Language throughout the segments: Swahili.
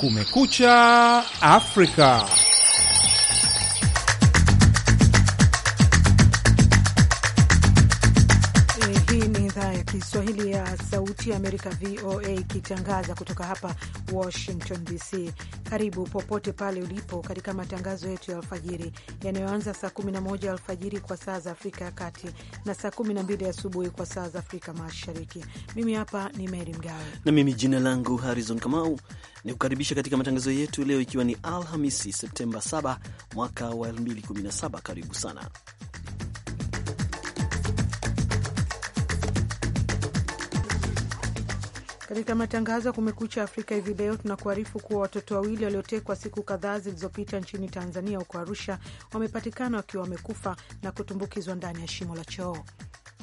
Kumekucha Afrika. Sauti ya Amerika, VOA, ikitangaza kutoka hapa Washington DC. Karibu popote pale ulipo katika matangazo yetu ya alfajiri yanayoanza saa 11 alfajiri kwa saa za Afrika ya Kati na saa 12 asubuhi kwa saa za Afrika Mashariki. Mimi hapa ni Meri Mgawe na mimi jina langu Harrison Kamau, ni kukaribisha katika matangazo yetu leo, ikiwa ni Alhamisi Septemba 7 mwaka wa 2017. Karibu sana Katika matangazo ya Kumekucha Afrika hivi leo, tunakuarifu kuwa watoto wawili waliotekwa siku kadhaa zilizopita nchini Tanzania huko Arusha wamepatikana wakiwa wamekufa na kutumbukizwa ndani ya shimo la choo.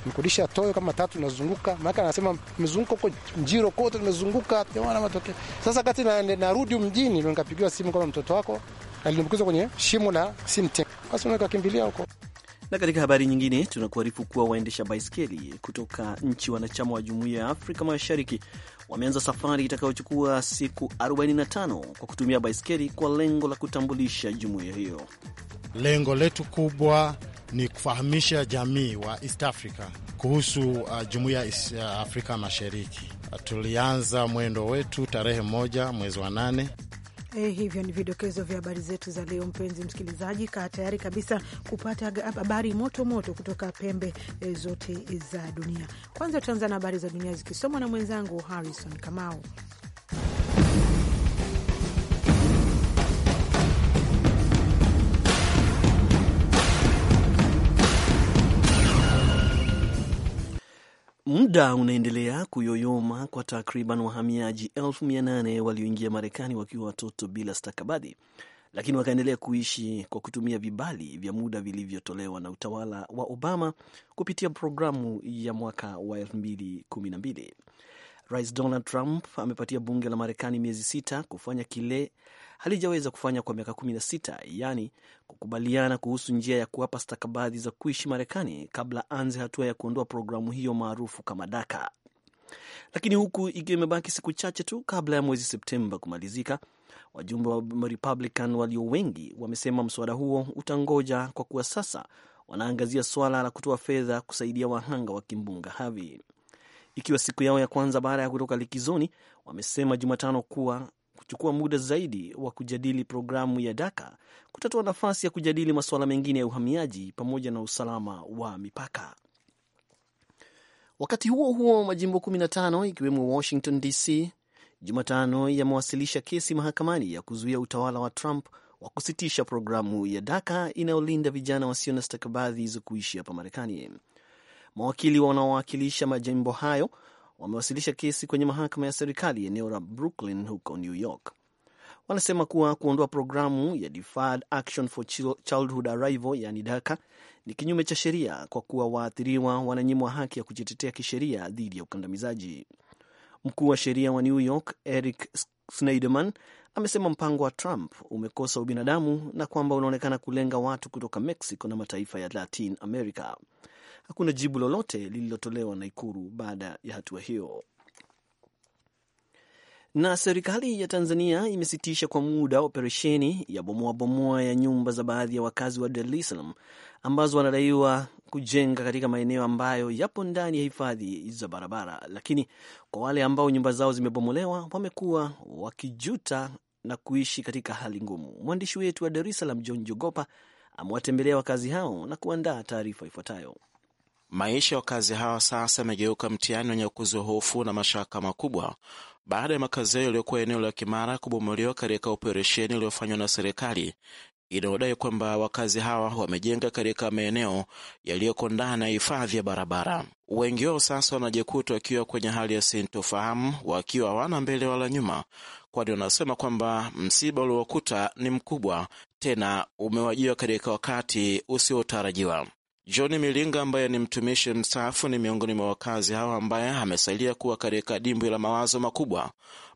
Mkudisha toyo kama tatu nazunguka, maana anasema mezunguka huko Njiro kote, nimezunguka tunaona matokeo. Sasa kati na mjini, nikapigiwa simu kama mtoto wako alitumbukizwa kwenye shimo la simtek, basi unakakimbilia huko. Na katika habari nyingine tunakuarifu kuwa waendesha baiskeli kutoka nchi wanachama wa jumuiya ya Afrika Mashariki wameanza safari itakayochukua siku 45 kwa kutumia baiskeli kwa lengo la kutambulisha jumuiya hiyo. Lengo letu kubwa ni kufahamisha jamii wa East Africa kuhusu uh, jumuiya ya uh, Afrika Mashariki. Tulianza mwendo wetu tarehe moja mwezi wa nane. Eh, hivyo ni vidokezo vya habari zetu za leo. Mpenzi msikilizaji, kaa tayari kabisa kupata habari moto moto kutoka pembe e, zote za dunia. Kwanza tutaanza na habari za dunia zikisomwa na mwenzangu Harrison Kamau. Muda unaendelea kuyoyoma kwa takriban wahamiaji elfu mia nane walioingia Marekani wakiwa watoto bila stakabadhi, lakini wakaendelea kuishi kwa kutumia vibali vya muda vilivyotolewa na utawala wa Obama kupitia programu ya mwaka wa mbili Rais Donald Trump amepatia bunge la Marekani miezi sita kufanya kile halijaweza kufanya kwa miaka kumi na sita, yaani kukubaliana kuhusu njia ya kuwapa stakabadhi za kuishi Marekani kabla anze hatua ya kuondoa programu hiyo maarufu kama DACA. Lakini huku ikiwa imebaki siku chache tu kabla ya mwezi Septemba kumalizika, wajumbe wa Republican walio wengi wamesema mswada huo utangoja kwa kuwa sasa wanaangazia swala la kutoa fedha kusaidia wahanga wa kimbunga Harvey. Ikiwa siku yao ya kwanza baada ya kutoka likizoni, wamesema Jumatano kuwa kuchukua muda zaidi wa kujadili programu ya Daka kutatoa nafasi ya kujadili masuala mengine ya uhamiaji pamoja na usalama wa mipaka. Wakati huo huo, majimbo 15 ikiwemo Washington DC Jumatano yamewasilisha kesi mahakamani ya kuzuia utawala wa Trump wa kusitisha programu ya Daka inayolinda vijana wasio na stakabadhi za kuishi hapa Marekani. Mawakili wanaowakilisha majimbo hayo wamewasilisha kesi kwenye mahakama ya serikali eneo la Brooklyn huko New York. Wanasema kuwa kuondoa programu ya Deferred Action for Childhood Arrival yani DACA ni kinyume cha sheria kwa kuwa waathiriwa wananyimwa haki ya kujitetea kisheria dhidi ya ukandamizaji. Mkuu wa sheria wa New York Eric Schneiderman amesema mpango wa Trump umekosa ubinadamu na kwamba unaonekana kulenga watu kutoka Mexico na mataifa ya Latin America. Hakuna jibu lolote lililotolewa na Ikuru baada ya hatua hiyo. Na serikali ya Tanzania imesitisha kwa muda operesheni ya bomoabomoa ya nyumba za baadhi ya wakazi wa Dar es Salaam ambazo wanadaiwa kujenga katika maeneo ambayo yapo ndani ya hifadhi za barabara, lakini kwa wale ambao nyumba zao zimebomolewa wamekuwa wakijuta na kuishi katika hali ngumu. Mwandishi wetu wa Dar es Salaam John Jogopa amewatembelea wakazi hao na kuandaa taarifa ifuatayo. Maisha ya wakazi hawa sasa yamegeuka mtihani wenye kuzo hofu na mashaka makubwa baada ya makazi yao yaliyokuwa eneo la Kimara kubomoliwa katika operesheni iliyofanywa na serikali inayodai kwamba wakazi hawa wamejenga katika maeneo yaliyoko ndani ya hifadhi ya barabara. Wengi wao sasa wanajikuta wakiwa kwenye hali ya sintofahamu, wakiwa hawana mbele wala nyuma, kwani wanasema kwamba msiba uliowakuta ni mkubwa, tena umewajia katika wakati usiotarajiwa. John Milinga ambaye ni mtumishi mstaafu ni miongoni mwa wakazi hao ambaye amesalia kuwa katika dimbwi la mawazo makubwa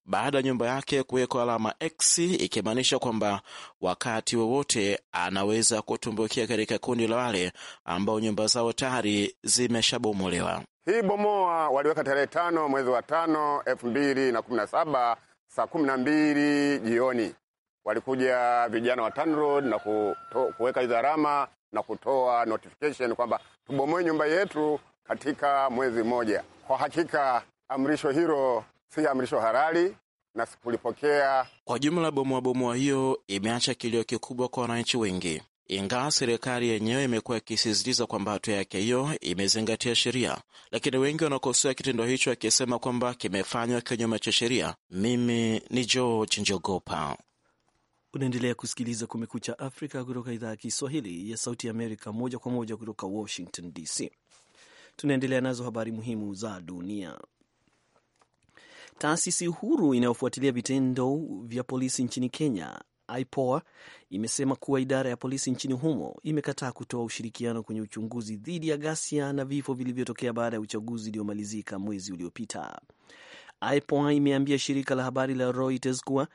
baada ya nyumba yake kuwekwa alama X ikimaanisha kwamba wakati wowote anaweza kutumbukia katika kundi la wale ambao nyumba zao tayari zimeshabomolewa. Hii bomoa waliweka tarehe tano mwezi wa tano elfu mbili na kumi na saba saa kumi na mbili jioni walikuja vijana wa TANROADS na kuweka hizo alama na kutoa notification kwamba tubomoe nyumba yetu katika mwezi mmoja. Kwa hakika amrisho hilo si amrisho halali na sikulipokea. Kwa jumla, bomoabomoa hiyo imeacha kilio kikubwa kwa wananchi wengi, ingawa serikali yenyewe imekuwa ikisisitiza kwamba hatua yake hiyo imezingatia sheria, lakini wengi wanakosoa kitendo hicho, akisema kwamba kimefanywa kinyume cha sheria. Mimi ni George Njogopa, Unaendelea kusikiliza Kumekucha Afrika kutoka idhaa ya Kiswahili ya Sauti Amerika, moja kwa moja kutoka Washington DC. Tunaendelea nazo habari muhimu za dunia. Taasisi huru inayofuatilia vitendo vya polisi nchini Kenya, IPOA, imesema kuwa idara ya polisi nchini humo imekataa kutoa ushirikiano kwenye uchunguzi dhidi ya ghasia na vifo vilivyotokea baada ya uchaguzi uliomalizika mwezi uliopita. IPOA imeambia shirika la habari la Reuters kuwa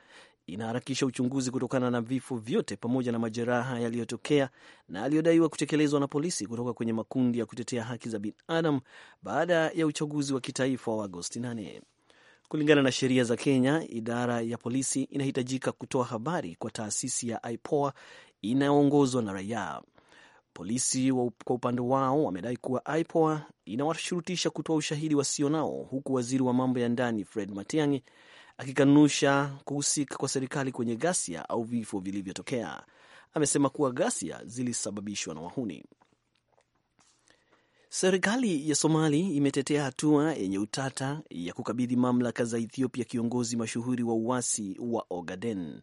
inaharakisha uchunguzi kutokana na vifo vyote pamoja na majeraha yaliyotokea na yaliyodaiwa kutekelezwa na polisi kutoka kwenye makundi ya kutetea haki za binadamu baada ya uchaguzi wa kitaifa wa Agosti 8. Kulingana na sheria za Kenya, idara ya polisi inahitajika kutoa habari kwa taasisi ya IPOA inayoongozwa na raia. Polisi wa kwa upande wao wamedai kuwa IPOA inawashurutisha kutoa ushahidi wasio nao, huku waziri wa mambo ya ndani Fred Matiang'i akikanusha kuhusika kwa serikali kwenye ghasia au vifo vilivyotokea. Amesema kuwa ghasia zilisababishwa na wahuni. Serikali ya Somali imetetea hatua yenye utata ya kukabidhi mamlaka za Ethiopia kiongozi mashuhuri wa uasi wa Ogaden.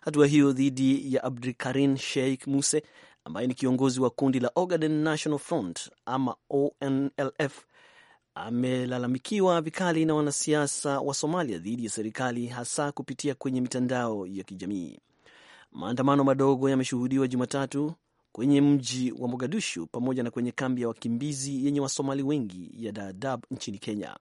Hatua hiyo dhidi ya Abdikarim Sheikh Muse ambaye ni kiongozi wa kundi la Ogaden National Front ama ONLF amelalamikiwa vikali na wanasiasa wa Somalia dhidi ya serikali hasa kupitia kwenye mitandao ya kijamii. Maandamano madogo yameshuhudiwa Jumatatu kwenye mji wa Mogadishu pamoja na kwenye kambi ya wakimbizi yenye Wasomali wengi ya Dadaab nchini Kenya.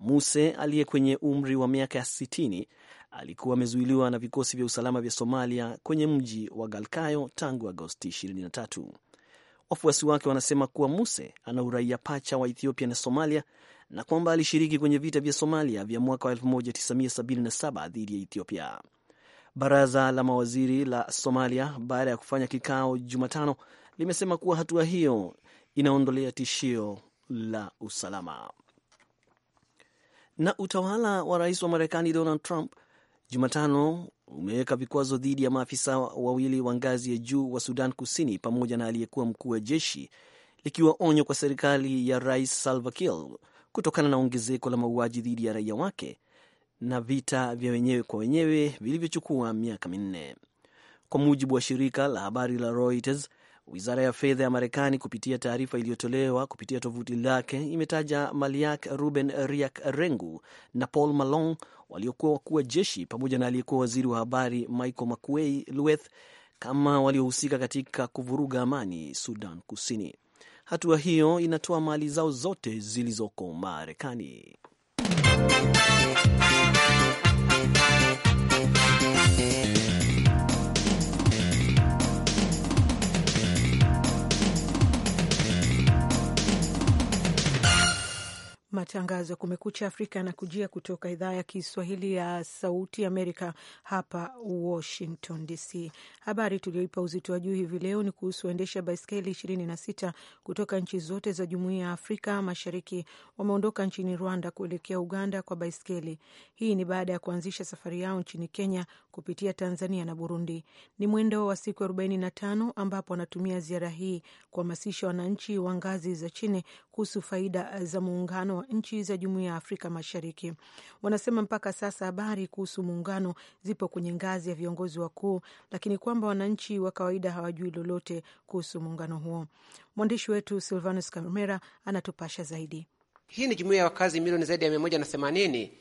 Muse aliye kwenye umri wa miaka ya 60 alikuwa amezuiliwa na vikosi vya usalama vya Somalia kwenye mji wa Galkayo tangu Agosti 23. Wafuasi wake wanasema kuwa Muse ana uraia pacha wa Ethiopia na Somalia na kwamba alishiriki kwenye vita vya Somalia vya mwaka 1977 dhidi ya Ethiopia. Baraza la mawaziri la Somalia, baada ya kufanya kikao Jumatano, limesema kuwa hatua hiyo inaondolea tishio la usalama. Na utawala wa rais wa Marekani Donald Trump Jumatano umeweka vikwazo dhidi ya maafisa wawili wa ngazi ya juu wa Sudan Kusini pamoja na aliyekuwa mkuu wa jeshi, likiwa onyo kwa serikali ya Rais Salva Kiir kutokana na ongezeko la mauaji dhidi ya raia wake na vita vya wenyewe kwa wenyewe vilivyochukua miaka minne, kwa mujibu wa shirika la habari la Reuters. Wizara ya fedha ya Marekani kupitia taarifa iliyotolewa kupitia tovuti lake imetaja Maliak Ruben Riak Rengu na Paul Malong waliokuwa wakuu wa jeshi pamoja na aliyekuwa waziri wa habari Michael Makuei Lueth kama waliohusika katika kuvuruga amani Sudan Kusini. Hatua hiyo inatoa mali zao zote zilizoko Marekani. Matangazo ya Kumekucha Afrika yanakujia kutoka idhaa ya Kiswahili ya Sauti Amerika hapa Washington DC. Habari tulioipa uzito wa juu hivi leo ni kuhusu waendesha baiskeli 26 kutoka nchi zote za Jumuiya ya Afrika Mashariki wameondoka nchini Rwanda kuelekea Uganda kwa baiskeli. Hii ni baada ya kuanzisha safari yao nchini Kenya kupitia Tanzania na Burundi. Ni mwendo wa siku 45 ambapo wanatumia ziara hii kuhamasisha wananchi wa ngazi za chini kuhusu faida za muungano wa nchi za Jumuiya ya Afrika Mashariki. Wanasema mpaka sasa habari kuhusu muungano zipo kwenye ngazi ya viongozi wakuu, lakini kwamba wananchi wa kawaida hawajui lolote kuhusu muungano huo. Mwandishi wetu Silvanus Camera anatupasha zaidi. Hii ni jumuiya ya wakazi milioni zaidi ya themanini,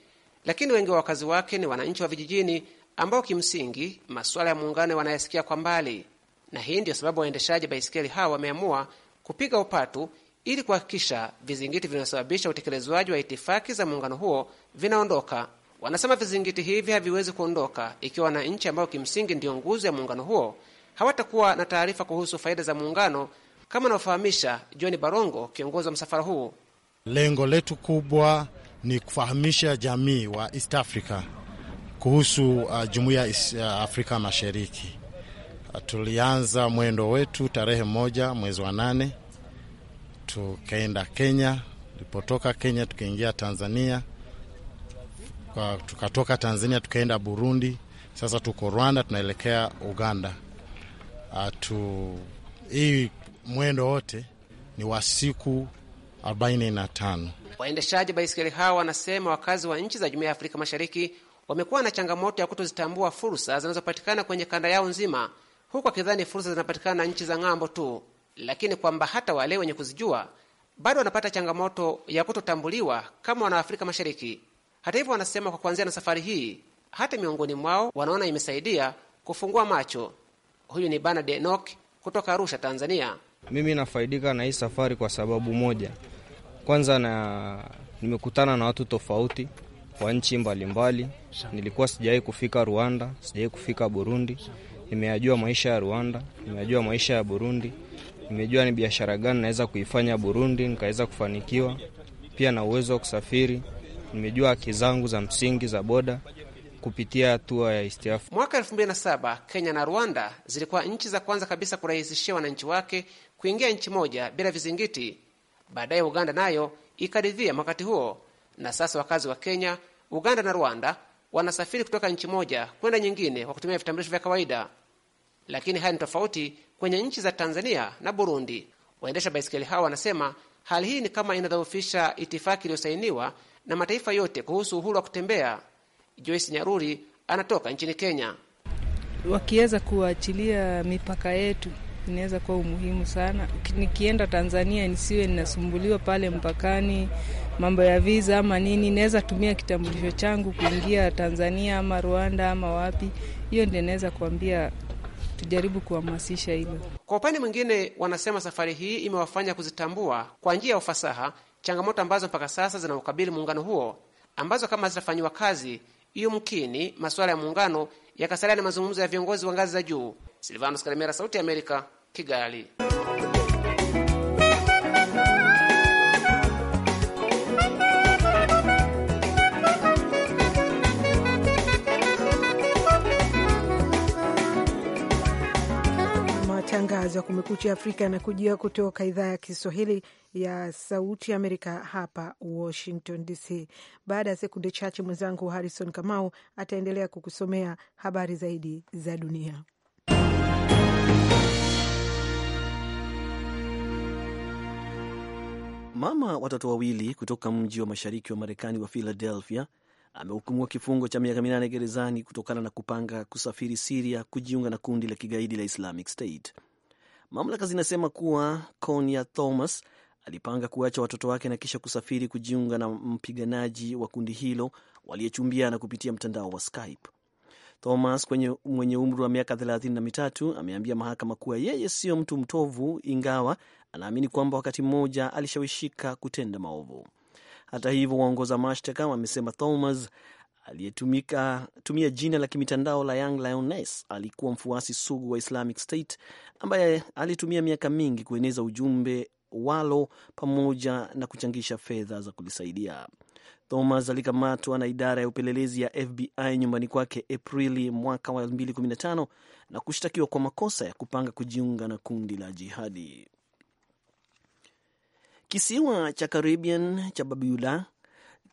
lakini wengi wa wakazi wake ni wananchi wa vijijini ambao kimsingi masuala ya muungano wanayasikia kwa mbali, na hii ndiyo sababu waendeshaji baiskeli hawa wameamua kupiga upatu ili kuhakikisha vizingiti vinavyosababisha utekelezwaji wa itifaki za muungano huo vinaondoka. Wanasema vizingiti hivi haviwezi kuondoka ikiwa wananchi ambayo kimsingi ndiyo nguzo ya muungano huo hawatakuwa na taarifa kuhusu faida za muungano, kama anavyofahamisha John Barongo, kiongozi wa msafara huu. Lengo letu kubwa ni kufahamisha jamii wa East Africa kuhusu uh, jumuiya ya uh, Afrika Mashariki. Uh, tulianza mwendo wetu tarehe moja mwezi wa nane tukaenda Kenya, tulipotoka Kenya tukaingia Tanzania, tukatoka Tanzania tukaenda Burundi, sasa tuko Rwanda, tunaelekea Uganda. Atu, ah, hii mwendo wote ni wa siku 45. Waendeshaji baiskeli hawa wanasema wakazi wa nchi za Jumuiya ya Afrika Mashariki wamekuwa na changamoto ya kutozitambua fursa zinazopatikana kwenye kanda yao nzima, huku wakidhani fursa zinapatikana nchi za ng'ambo tu lakini kwamba hata wale wenye kuzijua bado wanapata changamoto ya kutotambuliwa kama wana Afrika Mashariki. Hata hivyo, wanasema kwa kuanzia na safari hii, hata miongoni mwao wanaona imesaidia kufungua macho. Huyu ni Bernard Enoch kutoka Arusha, Tanzania. Mimi nafaidika na hii safari kwa sababu moja. Kwanza na nimekutana na watu tofauti wa nchi mbalimbali. Nilikuwa sijawahi kufika Rwanda, sijawahi kufika Burundi. Nimeyajua maisha ya Rwanda, nimeyajua maisha ya Burundi nimejua ni biashara gani naweza kuifanya Burundi nikaweza kufanikiwa. Pia na uwezo wa kusafiri, nimejua haki zangu za msingi za boda kupitia hatua ya istiafu. Mwaka 2007 Kenya na Rwanda zilikuwa nchi za kwanza kabisa kurahisishia wananchi wake kuingia nchi moja bila vizingiti. Baadaye Uganda nayo ikaridhia wakati huo, na sasa wakazi wa Kenya, Uganda na Rwanda wanasafiri kutoka nchi moja kwenda nyingine kwa kutumia vitambulisho vya kawaida. Lakini haya ni tofauti kwenye nchi za Tanzania na Burundi. Waendesha baisikeli hawa wanasema hali hii ni kama inadhoofisha itifaki iliyosainiwa na mataifa yote kuhusu uhuru wa kutembea. Joyce Nyaruri anatoka nchini Kenya. Wakiweza kuachilia mipaka yetu inaweza kuwa umuhimu sana. Nikienda Tanzania nisiwe ninasumbuliwa pale mpakani, mambo ya viza ama nini. Naweza tumia kitambulisho changu kuingia Tanzania ama Rwanda ama wapi. Hiyo ndio naweza kuambia tujaribu kuhamasisha hilo. Kwa upande mwingine, wanasema safari hii imewafanya kuzitambua kwa njia ya ufasaha changamoto ambazo mpaka sasa zinaukabili muungano huo, ambazo kama hazitafanyiwa kazi, iyo mkini masuala ya muungano yakasalia na mazungumzo ya viongozi wa ngazi za juu. Silvanos Kalemera, Sauti ya Amerika, Kigali. matangazo ya kumekucha Afrika yanakujia kutoka idhaa ya Kiswahili ya Sauti Amerika hapa Washington DC. Baada ya sekunde chache, mwenzangu Harrison Kamau ataendelea kukusomea habari zaidi za dunia. Mama watoto wawili kutoka mji wa mashariki wa Marekani wa Philadelphia amehukumiwa kifungo cha miaka minane gerezani kutokana na kupanga kusafiri Siria kujiunga na kundi la kigaidi la Islamic State. Mamlaka zinasema kuwa Konya Thomas alipanga kuacha watoto wake na kisha kusafiri kujiunga na mpiganaji wa kundi hilo waliyechumbiana kupitia mtandao wa Skype. Thomas kwenye, mwenye umri wa miaka thelathini na mitatu ameambia mahakama kuwa yeye siyo mtu mtovu, ingawa anaamini kwamba wakati mmoja alishawishika kutenda maovu. Hata hivyo, waongoza mashtaka wamesema Thomas aliyetumia jina la kimitandao la Young Lioness alikuwa mfuasi sugu wa Islamic State ambaye alitumia miaka mingi kueneza ujumbe walo pamoja na kuchangisha fedha za kulisaidia. Thomas alikamatwa na idara ya upelelezi ya FBI nyumbani kwake Aprili mwaka wa 2015 na kushtakiwa kwa makosa ya kupanga kujiunga na kundi la jihadi. Kisiwa cha Caribbean cha Barbuda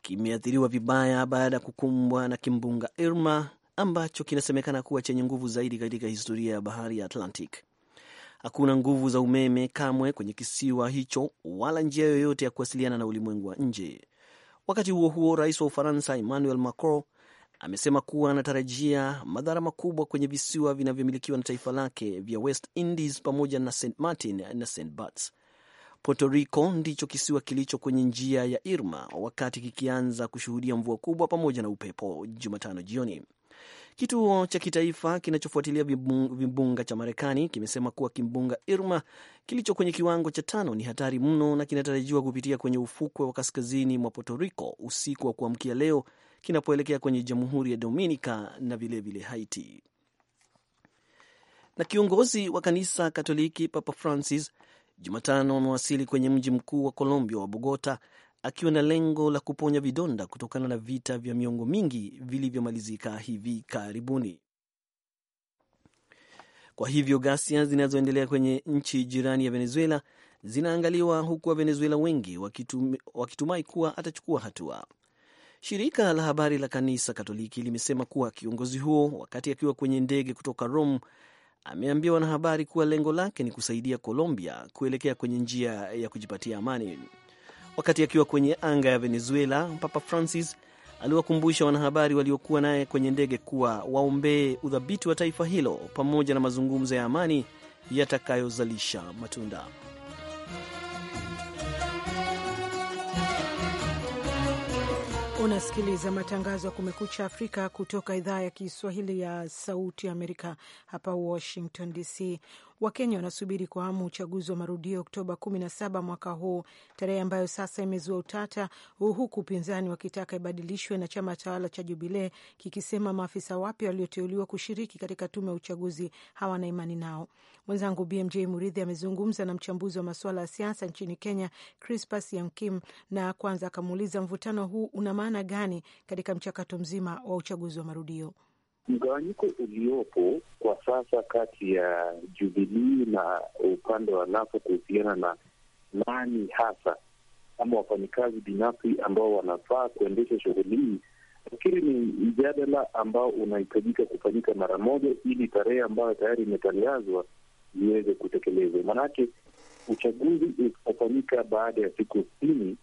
kimeathiriwa vibaya baada ya kukumbwa na kimbunga Irma ambacho kinasemekana kuwa chenye nguvu zaidi katika historia ya bahari ya Atlantic. Hakuna nguvu za umeme kamwe kwenye kisiwa hicho wala njia yoyote ya kuwasiliana na ulimwengu wa nje. Wakati huo huo, rais wa Ufaransa Emmanuel Macron amesema kuwa anatarajia madhara makubwa kwenye visiwa vinavyomilikiwa na taifa lake vya West Indies pamoja na St Martin na St Barts. Puerto Rico ndicho kisiwa kilicho kwenye njia ya Irma wakati kikianza kushuhudia mvua kubwa pamoja na upepo Jumatano jioni. Kituo cha kitaifa kinachofuatilia vimbunga cha Marekani kimesema kuwa kimbunga Irma kilicho kwenye kiwango cha tano ni hatari mno na kinatarajiwa kupitia kwenye ufukwe wa kaskazini mwa Puerto Rico usiku wa kuamkia leo kinapoelekea kwenye Jamhuri ya Dominica na vilevile Haiti. Na kiongozi wa kanisa Katoliki Papa Francis Jumatano amewasili kwenye mji mkuu wa Colombia wa Bogota akiwa na lengo la kuponya vidonda kutokana na vita vya miongo mingi vilivyomalizika hivi karibuni. Kwa hivyo ghasia zinazoendelea kwenye nchi jirani ya Venezuela zinaangaliwa huku wa Venezuela wengi wakitum, wakitumai kuwa atachukua hatua. Shirika la habari la kanisa Katoliki limesema kuwa kiongozi huo, wakati akiwa kwenye ndege kutoka Rome, ameambia wanahabari kuwa lengo lake ni kusaidia Colombia kuelekea kwenye njia ya kujipatia amani. Wakati akiwa kwenye anga ya Venezuela, Papa Francis aliwakumbusha wanahabari waliokuwa naye kwenye ndege kuwa waombee udhabiti wa taifa hilo pamoja na mazungumzo ya amani yatakayozalisha matunda. Unasikiliza matangazo ya Kumekucha Afrika kutoka idhaa ya Kiswahili ya Sauti Amerika hapa Washington DC. Wakenya wanasubiri kwa hamu uchaguzi wa marudio Oktoba 17 mwaka huu, tarehe ambayo sasa imezua utata, huku upinzani wakitaka ibadilishwe na chama tawala cha Jubilee kikisema maafisa wapya walioteuliwa kushiriki katika tume ya uchaguzi hawana imani nao. Mwenzangu BMJ Muridhi amezungumza na mchambuzi wa masuala ya siasa nchini Kenya, Crispas Yankim, na kwanza akamuuliza mvutano huu una maana gani katika mchakato mzima wa uchaguzi wa marudio. Mgawanyiko uliopo kwa sasa kati ya Jubilii na upande wa NASA kuhusiana na nani hasa ama wafanyikazi binafsi ambao wanafaa kuendesha shughuli hii, nafikiri ni mjadala ambao unahitajika kufanyika mara moja, ili tarehe ambayo tayari imetangazwa iweze kutekelezwa. Maanake uchaguzi utafanyika baada ya siku sitini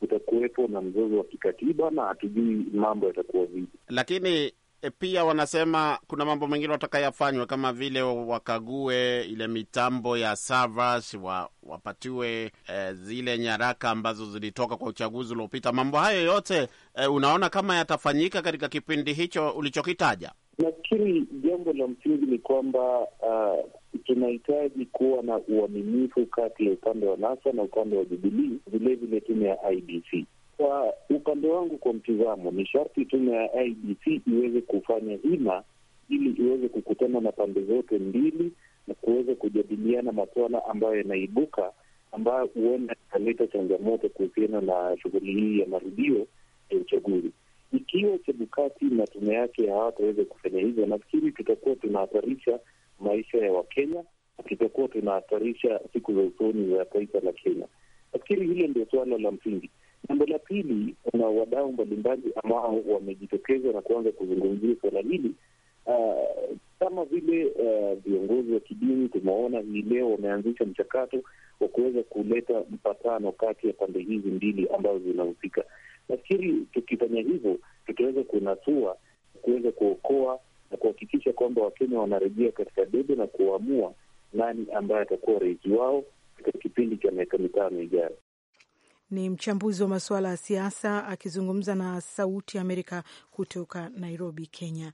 utakuwepo na mzozo wa kikatiba na hatujui mambo yatakuwa vipi, lakini e, pia wanasema kuna mambo mengine watakayafanywa kama vile wakague ile mitambo ya servers, wa, wapatiwe e, zile nyaraka ambazo zilitoka kwa uchaguzi uliopita. Mambo hayo yote e, unaona kama yatafanyika katika kipindi hicho ulichokitaja? Nafikiri jambo la msingi ni kwamba uh, tunahitaji kuwa na uaminifu kati ya upande wa NASA na upande wa Jubilii, vilevile tume ya IBC kwa upande wangu, kwa mtizamo, ni sharti tume ya IBC iweze kufanya hima ili iweze kukutana na pande zote mbili na kuweza kujadiliana masuala ambayo yanaibuka ambayo huenda ikaleta changamoto kuhusiana na shughuli hii ya marudio ya uchaguzi. Ikiwa Chebukati na tume yake hawataweza kufanya hivyo, nafikiri tutakuwa tunahatarisha maisha ya Wakenya na tutakuwa tunahatarisha siku za usoni za taifa la Kenya. Nafikiri hilo ndio suala la msingi. Jambo la pili, kuna wadau mbalimbali ambao wamejitokeza na kuanza kuzungumzia suala hili uh, kama uh, vile viongozi uh, wa kidini. Tumeona hii leo wameanzisha mchakato wa kuweza kuleta mpatano kati ya pande hizi mbili ambazo zinahusika. Nafikiri tukifanya hivyo tutaweza kunatua, kuweza kuokoa na kuhakikisha kwamba Wakenya wanarejea katika debe na kuamua nani ambaye atakuwa rais wao katika kipindi cha miaka mitano ijayo ni mchambuzi wa masuala ya siasa akizungumza na Sauti Amerika kutoka Nairobi, Kenya.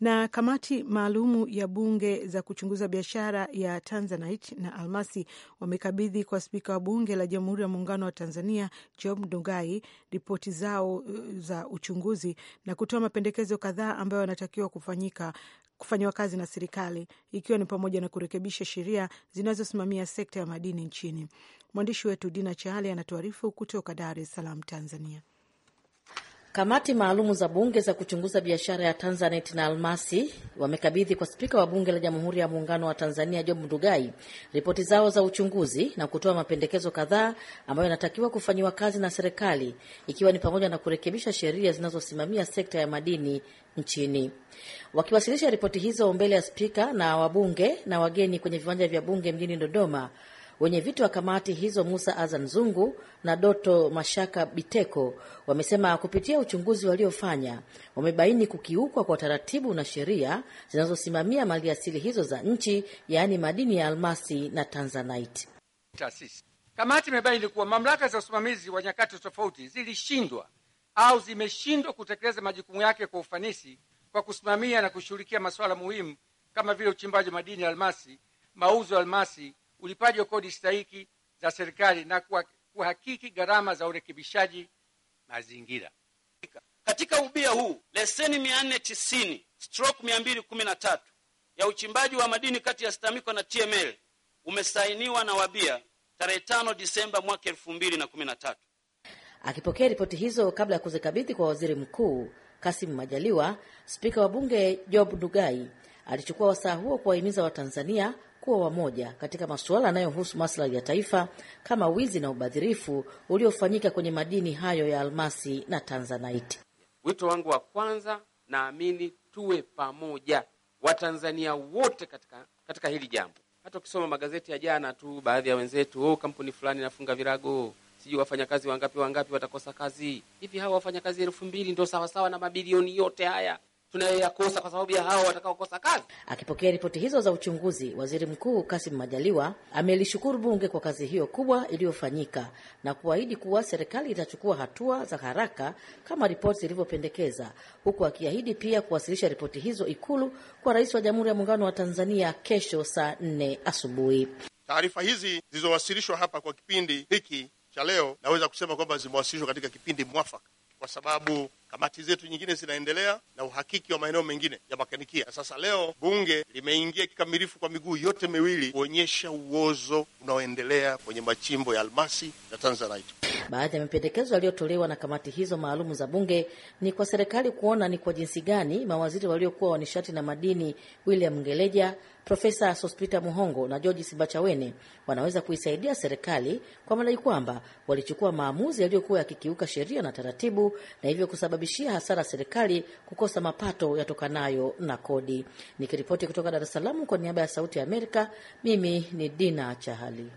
Na kamati maalumu ya bunge za kuchunguza biashara ya tanzanite na almasi wamekabidhi kwa spika wa bunge la Jamhuri ya Muungano wa Tanzania Job Ndugai ripoti zao uh, za uchunguzi na kutoa mapendekezo kadhaa ambayo yanatakiwa kufanyika kufanyiwa kazi na serikali ikiwa ni pamoja na kurekebisha sheria zinazosimamia sekta ya madini nchini. Mwandishi wetu Dina Chale anatuarifu kutoka Dar es Salaam, Tanzania. Kamati maalumu za bunge za kuchunguza biashara ya Tanzanit na almasi wamekabidhi kwa spika wa bunge la Jamhuri ya Muungano wa Tanzania Job Ndugai ripoti zao za uchunguzi na kutoa mapendekezo kadhaa ambayo yanatakiwa kufanyiwa kazi na serikali ikiwa ni pamoja na kurekebisha sheria zinazosimamia sekta ya madini nchini. Wakiwasilisha ripoti hizo mbele ya spika na wabunge na wageni kwenye viwanja vya bunge mjini Dodoma, Wenyeviti wa kamati hizo Musa Azan Zungu na Doto Mashaka Biteko wamesema kupitia uchunguzi waliofanya wamebaini kukiukwa kwa taratibu na sheria zinazosimamia maliasili hizo za nchi, yaani madini ya almasi na tanzanite. Taasisi kamati imebaini kuwa mamlaka za usimamizi wa nyakati tofauti zilishindwa au zimeshindwa kutekeleza majukumu yake kwa ufanisi kwa kusimamia na kushughulikia masuala muhimu kama vile uchimbaji wa madini ya almasi, mauzo ya almasi ulipaji wa kodi stahiki za serikali na kuhakiki gharama za urekebishaji mazingira. Katika ubia huu leseni 490 stroke 213 ya uchimbaji wa madini kati ya STAMICO na TML umesainiwa na wabia tarehe 5 Disemba mwaka 2013. Akipokea ripoti hizo kabla ya kuzikabidhi kwa waziri mkuu Kasim Majaliwa, spika wa bunge Job Ndugai alichukua wasaa huo kuwahimiza Watanzania kuwa wamoja katika masuala yanayohusu maslahi ya taifa kama wizi na ubadhirifu uliofanyika kwenye madini hayo ya almasi na tanzanaiti. Wito wangu wa kwanza, naamini tuwe pamoja Watanzania wote katika, katika hili jambo. Hata ukisoma magazeti ya jana tu, baadhi ya wenzetu oh, kampuni fulani inafunga virago, sijui wafanyakazi wangapi wangapi watakosa kazi. Hivi hawa wafanyakazi elfu mbili ndo sawasawa na mabilioni yote haya? tunayoyakosa kwa sababu ya hao watakaokosa kazi. Akipokea ripoti hizo za uchunguzi, waziri mkuu Kasim Majaliwa amelishukuru bunge kwa kazi hiyo kubwa iliyofanyika na kuahidi kuwa serikali itachukua hatua za haraka kama ripoti zilivyopendekeza, huku akiahidi pia kuwasilisha ripoti hizo Ikulu kwa rais wa Jamhuri ya Muungano wa Tanzania kesho saa nne asubuhi. Taarifa hizi zilizowasilishwa hapa kwa kipindi hiki cha leo, naweza kusema kwamba zimewasilishwa katika kipindi mwafaka kwa sababu kamati zetu nyingine zinaendelea na uhakiki wa maeneo mengine ya makanikia. Na sasa leo bunge limeingia kikamilifu kwa miguu yote miwili kuonyesha uozo unaoendelea kwenye machimbo ya almasi na tanzanite. Baadhi ya mapendekezo yaliyotolewa na kamati hizo maalumu za bunge ni kwa serikali kuona ni kwa jinsi gani mawaziri waliokuwa wa nishati na madini William Ngeleja Profesa Sospita Muhongo na George Sibachawene wanaweza kuisaidia serikali kwa madai kwamba walichukua maamuzi yaliyokuwa yakikiuka sheria na taratibu na hivyo kusababishia hasara serikali kukosa mapato yatokanayo na kodi. Nikiripoti kutoka Dar es Salaam kwa niaba ya Sauti ya Amerika, mimi ni Dina Chahali.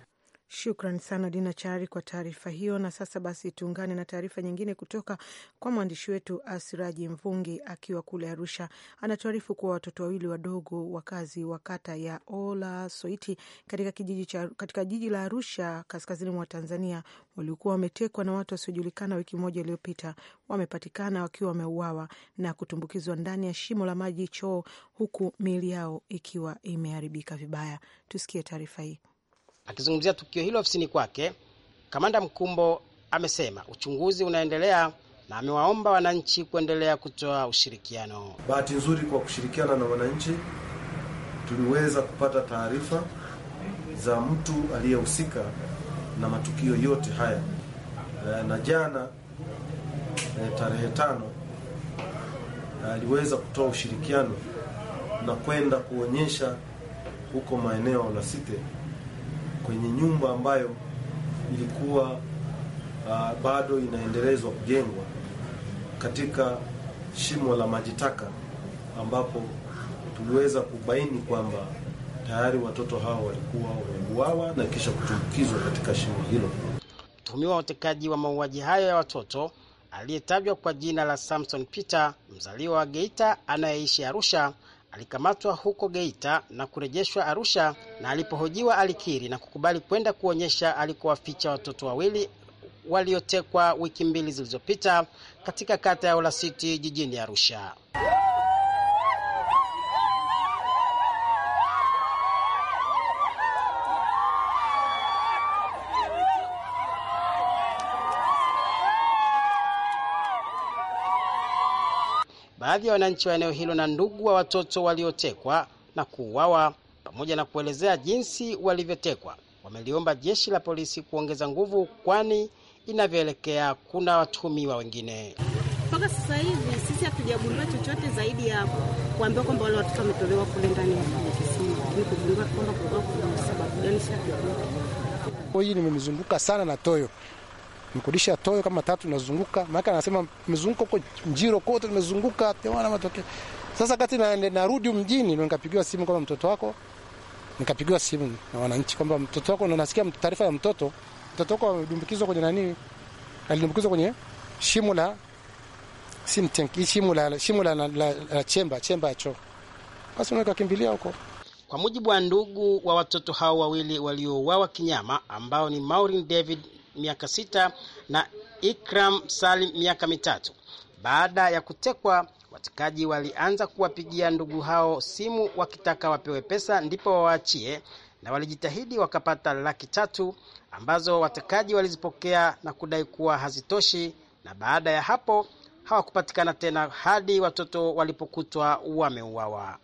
Shukran sana Dina Chari kwa taarifa hiyo. Na sasa basi tuungane na taarifa nyingine kutoka kwa mwandishi wetu Asiraji Mvungi akiwa kule Arusha. Anatuarifu kuwa watoto wawili wadogo wakazi wa kata ya Ola Soiti katika kijiji cha, katika jiji la Arusha kaskazini mwa Tanzania waliokuwa wametekwa na watu wasiojulikana wiki moja iliyopita wamepatikana wakiwa wameuawa na kutumbukizwa ndani ya shimo la maji choo, huku miili yao ikiwa imeharibika vibaya. Tusikie taarifa hii. Akizungumzia tukio hilo ofisini kwake, kamanda Mkumbo amesema uchunguzi unaendelea na amewaomba wananchi kuendelea kutoa ushirikiano. Bahati nzuri kwa kushirikiana na wananchi tuliweza kupata taarifa za mtu aliyehusika na matukio yote haya, eh, na jana eh, tarehe tano aliweza kutoa ushirikiano na kwenda kuonyesha huko maeneo la Site kwenye nyumba ambayo ilikuwa uh, bado inaendelezwa kujengwa katika shimo la maji taka, ambapo tuliweza kubaini kwamba tayari watoto hao walikuwa wameuawa na kisha kutumbukizwa katika shimo hilo. Mtuhumiwa utekaji wa mauaji hayo ya watoto aliyetajwa kwa jina la Samson Peter, mzaliwa wa Geita anayeishi Arusha, Alikamatwa huko Geita na kurejeshwa Arusha, na alipohojiwa alikiri na kukubali kwenda kuonyesha alikowaficha watoto wawili waliotekwa wiki mbili zilizopita katika kata ya Olasiti jijini Arusha. baadhi ya wananchi wa eneo hilo na ndugu wa watoto waliotekwa na kuuawa, pamoja na kuelezea jinsi walivyotekwa. Wameliomba jeshi la polisi kuongeza nguvu, kwani inavyoelekea kuna watuhumiwa wengine. Mpaka sasa hivi sisi hatujagundua chochote zaidi ya kuambia kwamba wale watoto wametolewa kule ndani ya kisima, lakini kugundua kwamba kuna sababu gani, hii nimemzunguka sana na toyo mkodisha toyo kama tatu nazunguka, maana anasema mezunguka huko njiro kote, nimezunguka tena matokeo. Sasa kati na narudi mjini, ndo nikapigiwa simu kama mtoto wako, nikapigiwa simu na wananchi kwamba mtoto wako, ndo nasikia taarifa ya mtoto, mtoto wako amedumbukizwa kwenye nani, alidumbukizwa kwenye shimo la sim tank, shimo la shimo la, la, la, la chemba chemba ya choo. Basi nikakimbilia huko. Kwa mujibu wa ndugu wa watoto hao wawili waliouawa kinyama ambao ni Maureen David miaka sita na Ikram Salim miaka mitatu. Baada ya kutekwa, watekaji walianza kuwapigia ndugu hao simu wakitaka wapewe pesa ndipo wawaachie, na walijitahidi wakapata laki tatu ambazo watekaji walizipokea na kudai kuwa hazitoshi, na baada ya hapo hawakupatikana tena hadi watoto walipokutwa wameuawa.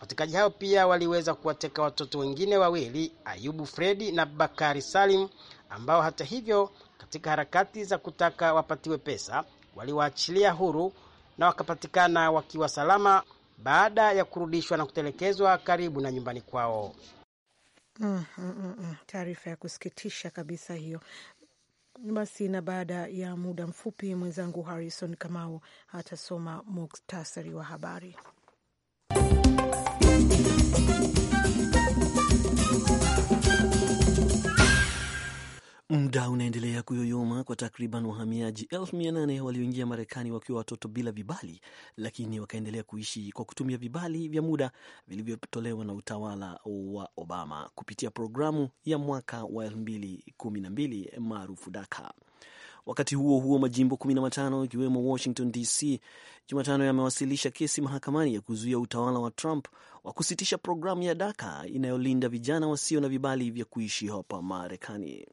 Watekaji hao pia waliweza kuwateka watoto wengine wawili, Ayubu Fredi na Bakari Salim ambao hata hivyo, katika harakati za kutaka wapatiwe pesa, waliwaachilia huru na wakapatikana wakiwa salama baada ya kurudishwa na kutelekezwa karibu na nyumbani kwao. Mm, mm, mm, mm. taarifa ya kusikitisha kabisa hiyo. Basi na baada ya muda mfupi mwenzangu Harrison Kamau atasoma muktasari wa habari. inaendelea kuyoyoma kwa takriban wahamiaji elfu mia nane walioingia Marekani wakiwa watoto bila vibali, lakini wakaendelea kuishi kwa kutumia vibali vya muda vilivyotolewa na utawala wa Obama kupitia programu ya mwaka wa 2012 maarufu DACA. Wakati huo huo, majimbo 15 ikiwemo Washington DC Jumatano yamewasilisha kesi mahakamani ya kuzuia utawala wa Trump wa kusitisha programu ya DACA inayolinda vijana wasio na vibali vya kuishi hapa Marekani.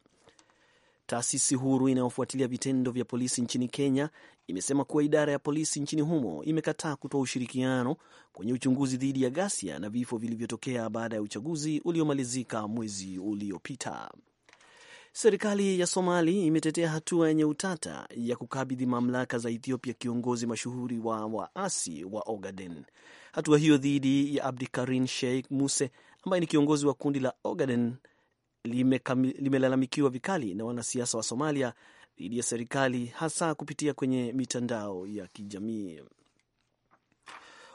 Taasisi huru inayofuatilia vitendo vya polisi nchini Kenya imesema kuwa idara ya polisi nchini humo imekataa kutoa ushirikiano kwenye uchunguzi dhidi ya ghasia na vifo vilivyotokea baada ya uchaguzi uliomalizika mwezi uliopita. Serikali ya Somali imetetea hatua yenye utata ya kukabidhi mamlaka za Ethiopia kiongozi mashuhuri wa waasi wa Ogaden. Hatua hiyo dhidi ya Abdikarin Sheikh Muse ambaye ni kiongozi wa kundi la Ogaden limelalamikiwa vikali na wanasiasa wa Somalia dhidi ya serikali hasa kupitia kwenye mitandao ya kijamii.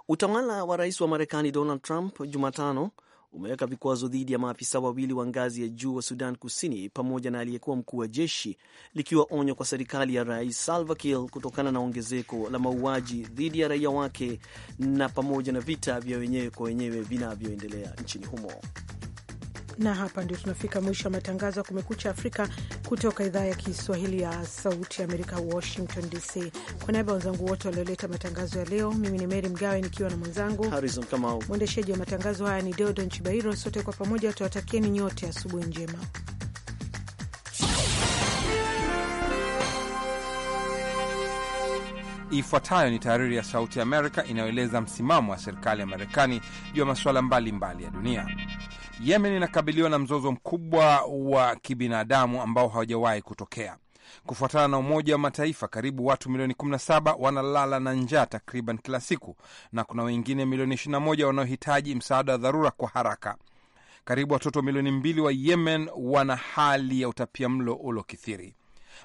Utawala wa rais wa Marekani Donald Trump Jumatano umeweka vikwazo dhidi ya maafisa wawili wa ngazi ya juu wa Sudan Kusini pamoja na aliyekuwa mkuu wa jeshi, likiwa onyo kwa serikali ya rais Salva Kiir kutokana na ongezeko la mauaji dhidi ya raia wake na pamoja na vita vya wenyewe kwa wenyewe vinavyoendelea nchini humo na hapa ndio tunafika mwisho wa matangazo ya Kumekucha Afrika kutoka idhaa ya Kiswahili ya Sauti ya Amerika, Washington DC. Kwa niaba ya wenzangu wote walioleta matangazo ya leo, mimi ni Meri Mgawe nikiwa na mwenzangu mwendeshaji wa matangazo haya ni Deodo Nchibairo. Sote kwa pamoja tuwatakieni nyote asubuhi njema. Ifuatayo ni tahariri ya Sauti ya Amerika inayoeleza msimamo wa serikali ya Marekani juu ya masuala mbalimbali ya dunia. Yemen inakabiliwa na mzozo mkubwa wa kibinadamu ambao hawajawahi kutokea. Kufuatana na Umoja wa Mataifa, karibu watu milioni 17 wanalala na njaa takriban kila siku, na kuna wengine milioni 21 wanaohitaji msaada wa dharura kwa haraka. Karibu watoto milioni mbili wa Yemen wana hali ya utapia mlo uliokithiri.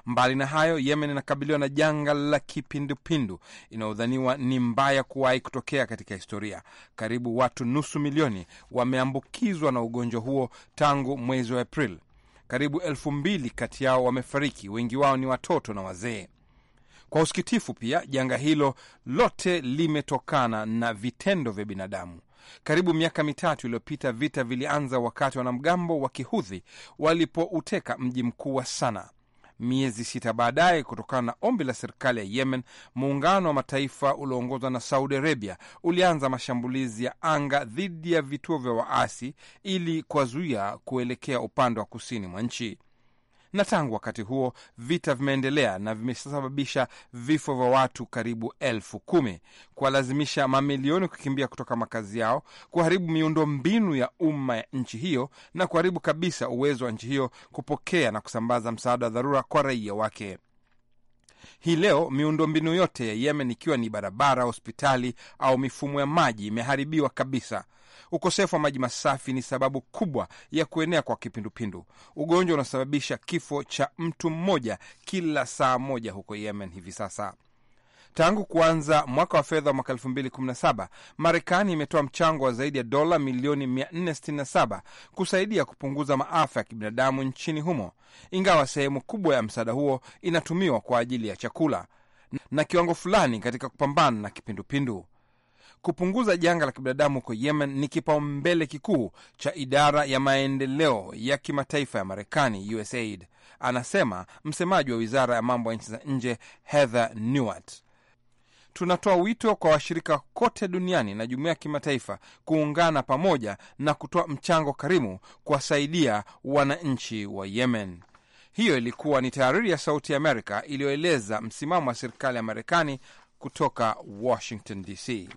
Mbali na hayo, Yemen inakabiliwa na janga la kipindupindu inayodhaniwa ni mbaya kuwahi kutokea katika historia. Karibu watu nusu milioni wameambukizwa na ugonjwa huo tangu mwezi wa Aprili. Karibu elfu mbili kati yao wamefariki, wengi wao ni watoto na wazee. Kwa usikitifu pia, janga hilo lote limetokana na vitendo vya binadamu. Karibu miaka mitatu iliyopita, vita vilianza wakati wanamgambo wa kihudhi walipouteka mji mkuu wa Sana miezi sita baadaye, kutokana na ombi la serikali ya Yemen, muungano wa mataifa ulioongozwa na Saudi Arabia ulianza mashambulizi ya anga dhidi ya vituo vya waasi ili kuwazuia kuelekea upande wa kusini mwa nchi na tangu wakati huo vita vimeendelea na vimesababisha vifo vya watu karibu elfu kumi, kuwalazimisha mamilioni kukimbia kutoka makazi yao, kuharibu miundo mbinu ya umma ya nchi hiyo na kuharibu kabisa uwezo wa nchi hiyo kupokea na kusambaza msaada wa dharura kwa raia wake. Hii leo miundombinu yote ya Yemen ikiwa ni barabara, hospitali au mifumo ya maji imeharibiwa kabisa. Ukosefu wa maji masafi ni sababu kubwa ya kuenea kwa kipindupindu, ugonjwa unasababisha kifo cha mtu mmoja kila saa moja huko Yemen hivi sasa. Tangu kuanza mwaka wa fedha mwaka 2017 Marekani imetoa mchango wa zaidi ya dola milioni 467 kusaidia kupunguza maafa ya kibinadamu nchini humo, ingawa sehemu kubwa ya msaada huo inatumiwa kwa ajili ya chakula na kiwango fulani katika kupambana na kipindupindu. Kupunguza janga la kibinadamu huko Yemen ni kipaumbele kikuu cha idara ya maendeleo ya kimataifa ya Marekani, USAID, anasema msemaji wa wizara ya mambo ya nchi za nje Heather Nauert. Tunatoa wito kwa washirika kote duniani na jumuiya ya kimataifa kuungana pamoja na kutoa mchango karimu kuwasaidia wananchi wa Yemen. Hiyo ilikuwa ni tahariri ya Sauti ya Amerika iliyoeleza msimamo wa serikali ya Marekani kutoka Washington DC.